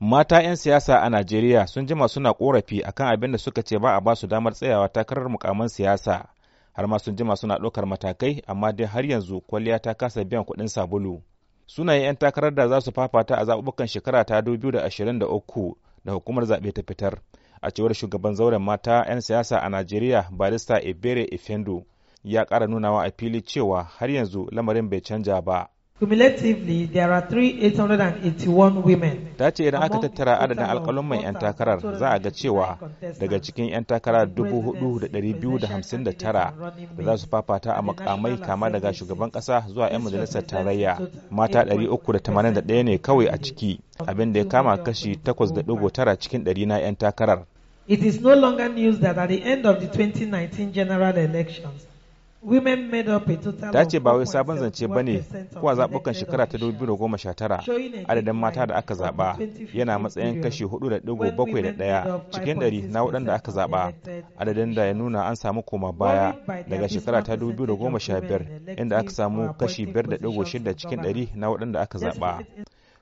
Mata 'yan siyasa a Najeriya sun jima suna korafi akan abin da suka ce ba a basu damar tsayawa takarar mukaman siyasa. Har ma sun jima suna ɗaukar matakai amma dai har yanzu kwalliya ta kasa biyan kuɗin sabulu. Sunayen 'yan takarar da za su fafata a zaɓuɓɓukan shekara ta 2023 da da uku hukumar zaɓe ta fitar. A cewar shugaban zauren mata 'yan siyasa a Najeriya barista Ebere Efendo ya ƙara nunawa a fili cewa har yanzu lamarin bai canja ba. Cumulatively, there are 381 women. Ta ce idan aka tattara adadin alƙalin mai 'yan takarar za a ga cewa daga cikin 'yan takara 4,259 da za su fafata a makamai kama daga shugaban ƙasa zuwa 'yan majalisar tarayya mata 381 ne kawai a ciki abin da ya kama kashi 8.9 cikin 100 na 'yan takarar. It is no longer news that at the end of the 2019 general elections, ta ce ba wai sabon zance ba ne kuwa zaɓukan shekara ta 2019 adadin mata da aka zaɓa yana matsayin kashi 4.71 cikin 100 na waɗanda aka zaɓa adadin da ya nuna an samu koma baya daga shekara ta 2015 inda aka samu kashi 5.6 cikin 100 na waɗanda aka zaɓa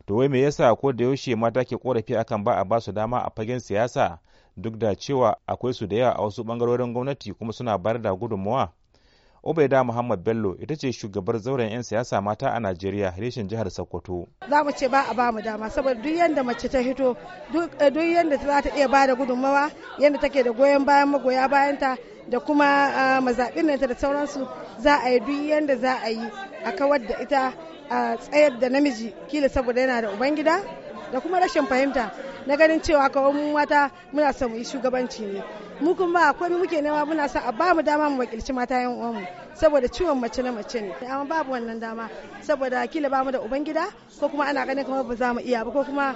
to wai me yasa ko da yaushe mata ke korafi akan ba a ba su dama a fagen siyasa duk da cewa akwai su da yawa a wasu bangarorin gwamnati kuma suna bayar da gudunmawa Obaida Muhammad Bello ita ce shugabar zauren 'yan siyasa mata a Najeriya reshen jihar Sokoto. Za mu ce ba a ba mu dama saboda duk yadda mace ta hito duk eh, yadda za ta iya bada gudunmawa yadda take da goyon bayan magoya bayan ta da kuma ah, mazaɓin nata da sauransu za a yi duk yadda za a yi a kawar da ita a tsayar da namiji kila saboda yana da ubangida da kuma rashin fahimta na ganin cewa kawai mu mata muna son mu yi shugabanci ne mu kuma akwai mu muke nema muna sa a ba mu dama mu wakilci mata yan uwanmu saboda ciwon mace na mace ne amma babu wannan dama saboda kila ba mu da ubangida ko kuma ana ganin kamar ba za mu iya ba ko kuma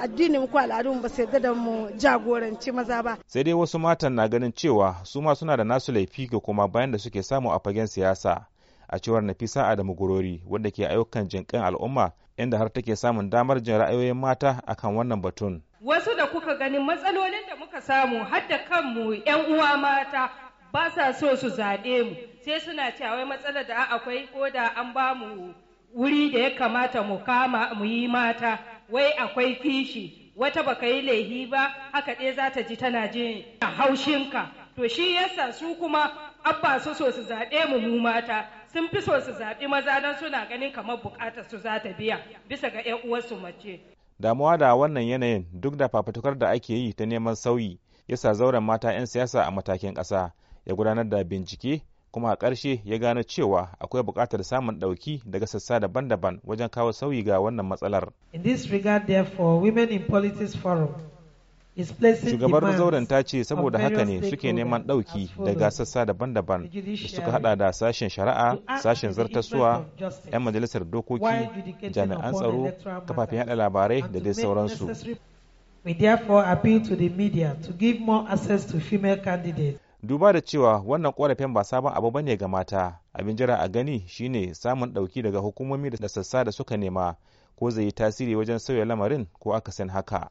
addinin ko al'adun ba su yarda da mu jagoranci maza ba sai dai wasu matan na ganin cewa su ma suna da nasu laifi ga kuma bayan da suke samu a fagen siyasa a cewar Nafisa da Gurori wadda ke ayyukan jinkan al'umma inda har take samun damar jin ra'ayoyin mata akan wannan batun. Wasu da kuka gani matsalolin da muka samu har da kanmu 'yan uwa mata ba sa so su zaɓe mu sai suna cewa matsalar da akwai ko da an ba mu wuri da ya kamata mu kama mu yi mata wai akwai kishi wata baka yi laihi ba haka ɗaya za ta ji tana jin haushinka to shi yasa su kuma abba su so su zaɓe mu mu mata sun fi so su zaɓi maza don suna ganin kamar buƙatar su za ta biya bisa ga 'yan uwarsu mace. Damuwa da wannan yanayin duk da fafutukar da ake yi ta neman sauyi yasa zauren mata 'yan siyasa a matakin ƙasa ya gudanar da bincike kuma a ƙarshe ya gano cewa akwai buƙatar samun ɗauki daga sassa daban-daban wajen kawo sauyi ga wannan matsalar. In this regard therefore Women in Politics Forum shugabar zauren ta ce saboda haka ne suke neman ɗauki daga sassa daban-daban da suka hada da sashen shari'a sashen zartaswa 'yan majalisar dokoki jami'an tsaro kafafen yada labarai da dai sauransu Duba da cewa wannan korafin ba sabon abu bane ga mata, abin jira a gani shine samun ɗauki daga hukumomi da sassa da suka nema ko zai yi tasiri wajen sauya lamarin ko aka san haka.